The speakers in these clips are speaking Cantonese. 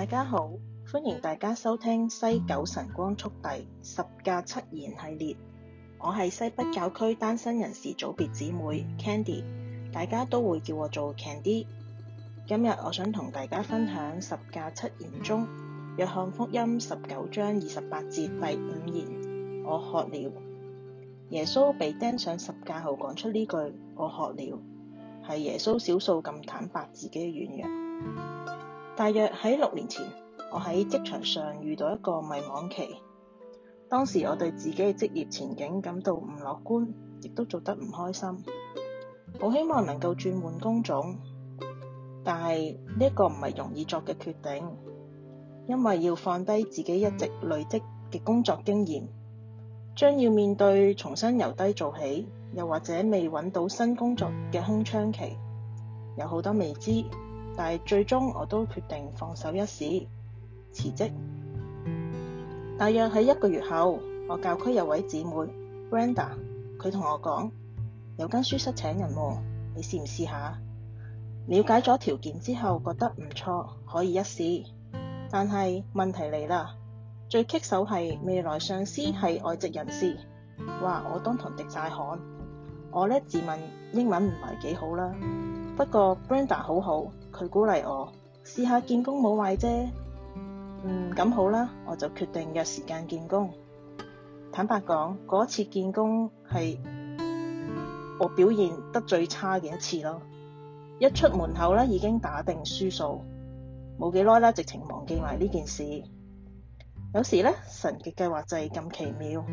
大家好，歡迎大家收聽西九晨光速遞十架七言系列。我係西北教區單身人士組別姊妹 Candy，大家都會叫我做 Candy。今日我想同大家分享十架七言中，約翰福音十九章二十八節第五言：我渴了。耶穌被釘上十架後講出呢句我渴了，係耶穌少數咁坦白自己嘅軟弱。大約喺六年前，我喺職場上遇到一個迷惘期。當時我對自己嘅職業前景感到唔樂觀，亦都做得唔開心，好希望能夠轉換工種，但係呢個唔係容易作嘅決定，因為要放低自己一直累積嘅工作經驗，將要面對重新由低做起，又或者未揾到新工作嘅空窗期，有好多未知。但係最終我都決定放手一試，辭職。大約喺一個月後，我教區有位姊妹 Brenda，佢同我講有間書室請人喎，你試唔試下？了解咗條件之後，覺得唔錯，可以一試。但係問題嚟啦，最棘手係未來上司係外籍人士，哇！我當堂滴晒汗。我呢自問英文唔係幾好啦，不過 Brenda 好好。佢鼓勵我試下見工冇壞啫，嗯，咁好啦，我就決定約時間見工。坦白講，嗰次見工係我表現得最差嘅一次咯。一出門口咧，已經打定輸數，冇幾耐啦，直情忘記埋呢件事。有時咧，神嘅計劃就係咁奇妙。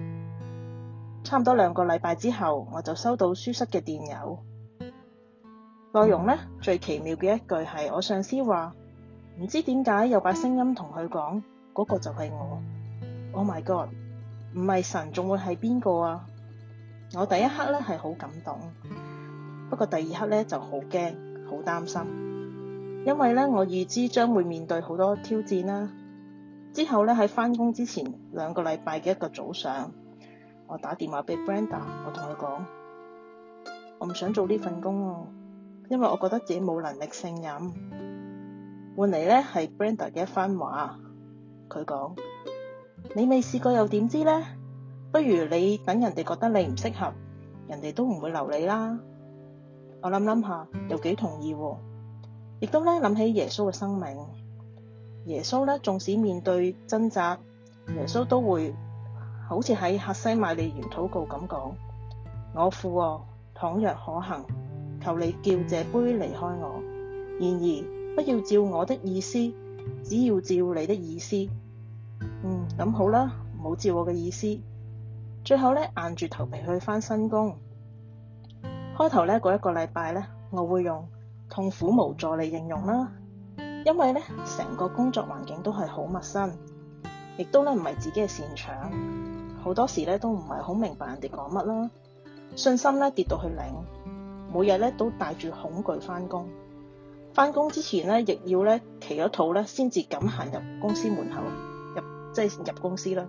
差唔多兩個禮拜之後，我就收到書室嘅電郵。內容呢，最奇妙嘅一句係我上司話唔知點解有把聲音同佢講，嗰個就係我，Oh my God，唔係神仲會係邊個啊？我第一刻咧係好感動，不過第二刻咧就好驚好擔心，因為咧我預知將會面對好多挑戰啦、啊。之後咧喺返工之前兩個禮拜嘅一個早上，我打電話俾 Brenda，我同佢講我唔想做呢份工啊。因為我覺得自己冇能力勝任，換嚟咧係 Brenda 嘅一番話，佢講：你未試過又點知咧？不如你等人哋覺得你唔適合，人哋都唔會留你啦。我諗諗下又幾同意喎、啊，亦都咧諗起耶穌嘅生命。耶穌咧，縱使面對掙扎，耶穌都會好似喺客西馬尼園禱告咁講：我父啊，倘若可行。求你叫這杯離開我，然而不要照我的意思，只要照你的意思。嗯，咁好啦，冇照我嘅意思。最後咧，硬住頭皮去返新工。開頭咧嗰一個禮拜咧，我會用痛苦無助嚟形容啦，因為咧成個工作環境都係好陌生，亦都咧唔係自己嘅擅長，好多時咧都唔係好明白人哋講乜啦，信心咧跌到去零。每日咧都帶住恐懼返工，返工之前咧亦要咧祈咗禱咧，先至敢行入公司門口入，即係入公司啦。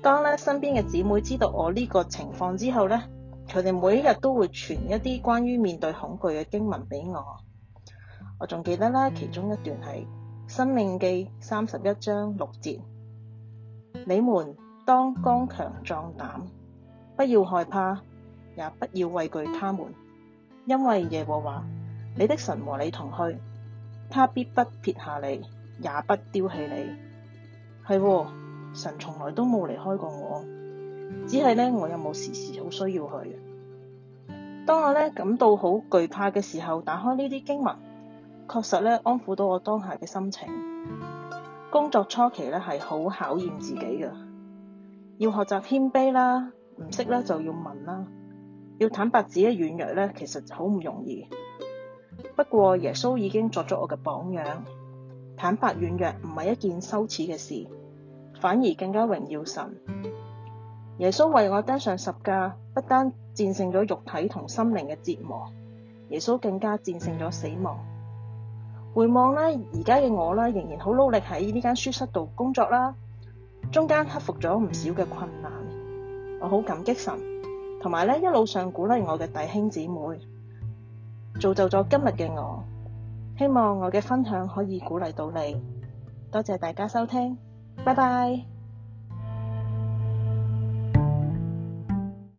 當咧身邊嘅姊妹知道我呢個情況之後咧，佢哋每一日都會傳一啲關於面對恐懼嘅經文俾我。我仲記得咧其中一段係《申命記》三十一章六節：你們當剛強壯膽，不要害怕，也不要畏懼他們。因為耶和華你的神和你同去，他必不撇下你，也不丟棄你。係喎，神從來都冇離開過我，只係呢，我有冇時時好需要佢。當我呢感到好懼怕嘅時候，打開呢啲經文，確實呢，安撫到我當下嘅心情。工作初期呢，係好考驗自己嘅，要學習謙卑啦，唔識呢，就要問啦。要坦白自己軟弱咧，其實好唔容易。不過耶穌已經作咗我嘅榜樣，坦白軟弱唔係一件羞恥嘅事，反而更加榮耀神。耶穌為我登上十架，不單戰勝咗肉體同心靈嘅折磨，耶穌更加戰勝咗死亡。回望咧，而家嘅我咧，仍然好努力喺呢間書室度工作啦，中間克服咗唔少嘅困難，我好感激神。同埋呢，一路上鼓勵我嘅弟兄姊妹，造就咗今日嘅我。希望我嘅分享可以鼓勵到你。多謝大家收聽，拜拜。